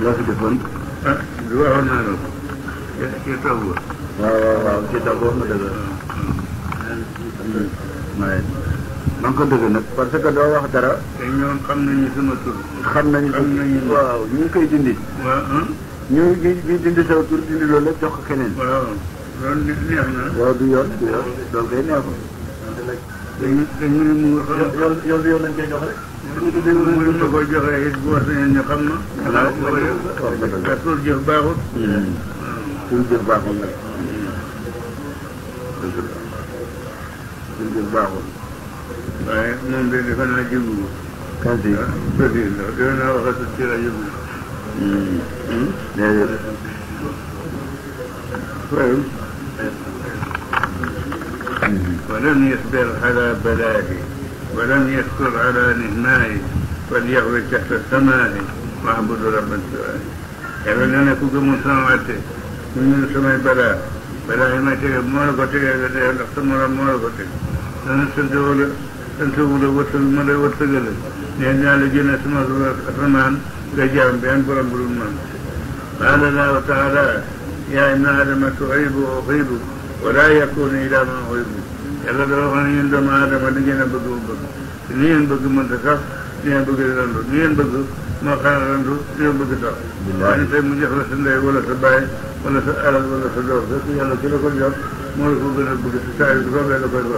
loo fi defoon. ah waxoon naa loolu. waaw waaw waaw ci taw boobu nga na nga ko dëgg nag. parce que doo wax dara. te ñoom xam nañu sama tur. xam nañu xam nañu waaw ñu ngi koy dindi. waaw. ñu ngi dindi sa tur dindi loolu lépp jox ko keneen. waaw loolu neex na. du yoon du yoon loolu day neexoon. dañuy dañuy yoon yoon yoon lañ koy jox rek. muy su ko joxee it góor nañ ñu xam na. te suul jëf baaxut. suul jëf baaxut nag. suul jëf baaxut. waaye moom de defe naa jëngu. kan si ah sëñ bi la defe naa wax ak ci la jëngu. déedéet. فاهم؟ ولم يقدر على بلادي ولم يستر على نهمائه فليهوي تحت سمائه واعبد رب سواه يقول لنا كوكا من سماواته من سماء بلاء بلاء ما تجد مرقته لديه الأقسمر مرقته سنسدول سنسول وسلمل وسجل لأن جنة الرحمن لجام بأن برب المن قال الله تعالى يا ابن آدم تعيب وأغيب ولا يكون إلى ما أغيبه ಎಲ್ಲ ದೂರವಾಣಿಯಿಂದ ಮಾದ ಮಲ್ಲಿಗೆ ಬಗ್ಗೆ ಹೋಗ್ಬೇಕು ನೀನ್ ಬಗ್ಗೆ ಮಂತ್ರಕ ನೀನ್ ಬಗ್ಗೆ ಇದೊಂದು ನೀನ್ ಬಗ್ಗೆ ಮಕ್ಕಳಂದು ನೀನ್ ಬಗ್ಗೆ ತಾವು ಮುಂಚೆ ಹೊಲಸಿಂದ ಹೊಲಸ ಬಾಯಿ ಹೊಲಸ ಹೊಲಸ ದೋಸ ಎಲ್ಲ ತಿಳ್ಕೊಂಡು ಮೂರು ಹೋಗಿನ ಬಗ್ಗೆ ಸಾಯಿದ್ರು ಎಲ್ಲ ಬರುವ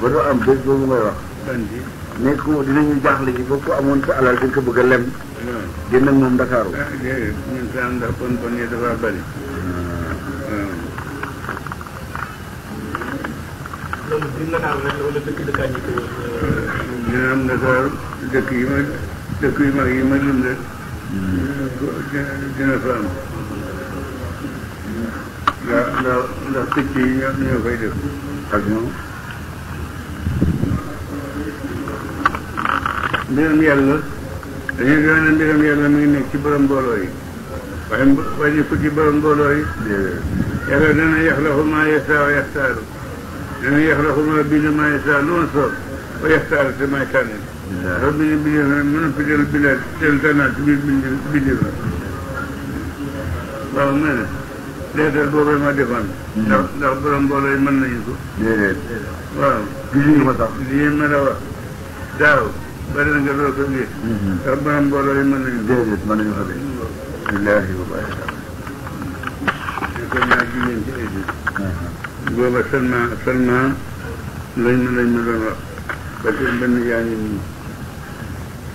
بدأ بيت بن andi. nekk ko dinañu jaaxle ji ba ku amoon sa alal di ko bëgg a lem. dina ah, ah. naan rek dëkk yi koy. Euh, dëkk yi ma yi ma lim hmm. rek. dina dina am. ndax ndax picc yi ñoo ñoo koy def ak ñoom. mbiram yalla dañuy gën a mbiram yàlla mi nek ci borom mbooloo yi waaye wàññi ko ci borom mbooloo yi yàlla dana yaxlaxu maa yasaa yaxtaaru dana yaxlaxu maa bind maa yasaa lu ma soob wa yaxtaaru te may tànn soo bindee bindee fa mën na fi jël bindee jël tànnaat ci biir bindee bindee fa waaw mel leetal ma defoon ndax ndax borom mbooloo yi mën nañu ko déedéet waaw gisuñu ko sax lii la wax daaw بدنا قبل كبير ربنا مبارك لمن جهدت من يهدي لله وبركاته جوا سلمان سلمان لين لين لين بس من يعني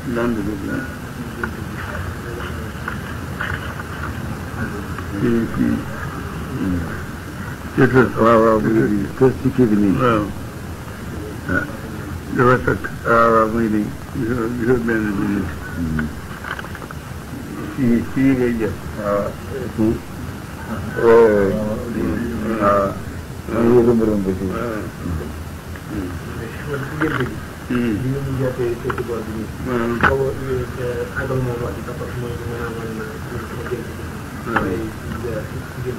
لم تقول في في تسكت di rafet aaraam yi di juróom-benn minute. ci ci yi ngay jëf. bi nii. xaw ma xagal moom wax di tapas mooy na sama gerte gi. waaye ci gerte gi.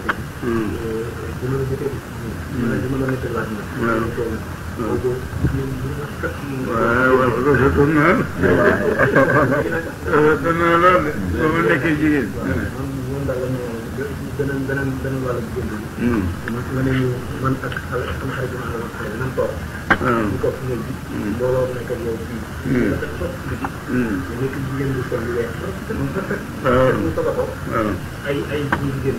dama la jotee. dama waaw waaw rafetoon na rafetoon na lool de ba ma nekkee jigéen. beneen beneen beneen wàllu jigéen ñi. nga ne ñu man ak xale sama xarit ma ne ma xale nan toog. ñu toog ci ñoom bi. mbooloo nekk ak yow fii. nga def topp ci ji. nga nekk jigéen bu sol lu weex. waaw te mu rafet. waaw te mu toog a ko. ay ay jigéen.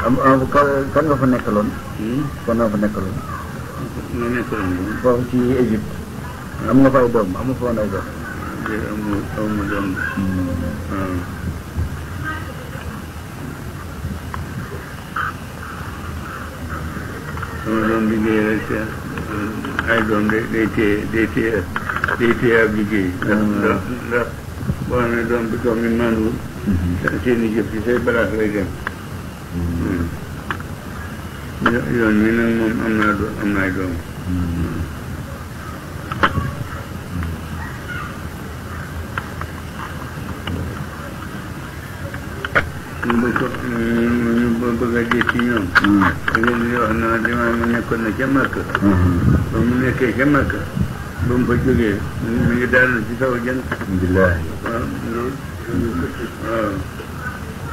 Kan kan kau pernah kelon? Kan kau pernah kelon? Kau di Egypt. Kamu apa itu? Kamu pernah apa? Kamu kamu jam. Kamu jam di Malaysia. I don't DT DT DT ABG. Lah, lah. Kamu jam di kami mana? Saya ni jadi saya berakhir yoon wi nag moom am naa do am naay doom ñu bëgg ko ñu bëgg a dee ci ñoom léegi di wax na dimaa mu nekkoon na ca màkk ba mu nekkee ca màkk ba mu fa jógee mu ngi daanu ci saw jën waaw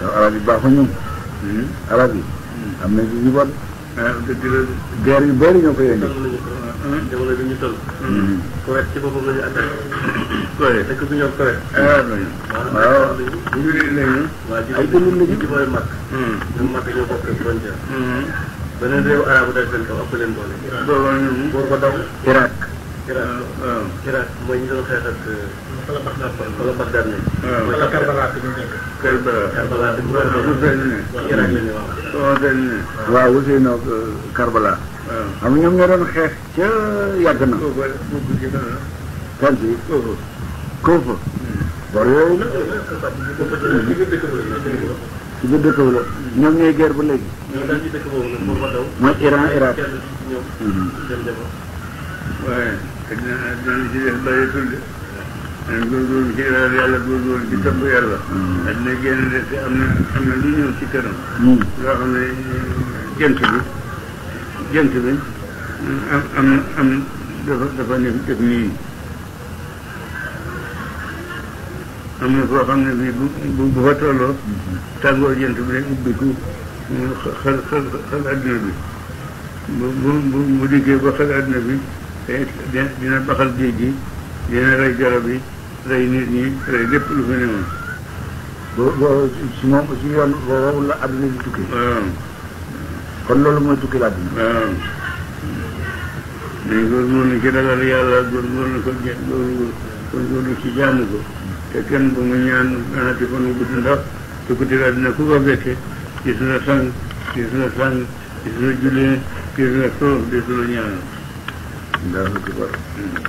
ndax arab yi baaxuñu. Hmm. arab yi. Hmm. am na lu ñu bon. Ah, guerre yu bëri ñoo koy indi. jamono bi ah, ah, ñu toll. Koweït hmm. ci boppam la ñu attaqué. dëkk bu ñuy wax Koweït. waaw ñu ngi léegi. waa ji ji ji mooy Makka. ñoom Makka ñoo bokk ak frontière. beneen réewu arabu dal seen kaw ëpp leen doole. loolu ko daw. Irak. Irak Irak mooy ñu doon xeex ak. wala Bagdad lañ. wala Karbala Karbala dëgg la waaw waaw Ousseynou waaw Karbala. xam nga ñoom ñoo doon xeex ca yàgg na. tant yi. Kofa. bor yooyu la. ci biir dëkk boobu la. ñoom ñooy guerre ba léegi. mooy Iran Irak. waaye. góorgóorlu ci weeru yàlla góorgóorlu ci topp yàlla. ak na génn de te am na am na lu ñëw ci kanam. loo xam ne jant bi jant bi am am am dafa dafa ne def nii am na foo xam ne bii bu bu fa tolloo tàngoor jant bi rek ubbiku xal xal xal adduna bi bu bu bu dikkee ba xal adduna bi dina baxal géej gi dina rey garab yi reunir ni lepp ha. lu fi ñëw bo bo ci mom ci yoon bo wala la adina ci tukki kon loolu mooy tukki la bi ha. ni gor mo ni ki dagal yalla gor mo ni ko gën do ko do ci jamm ko te ken bu mu ñaan dana ci ko ñu bu dund ci ko dina dina ko gëkke ci sunu sang ci sunu sang ci sunu julé ci sunu sang ci sunu ñaan da ko ko hmm.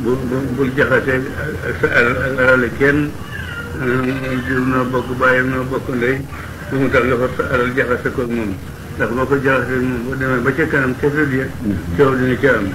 bu bu bu jaxate ak alal kenn jur na bokk bàyyi na bokk ndey bu mu tax loxo alal jaxase ko moom ndax ma ko jaxase moom bu demee ba ca kanam kese di coow dina ca am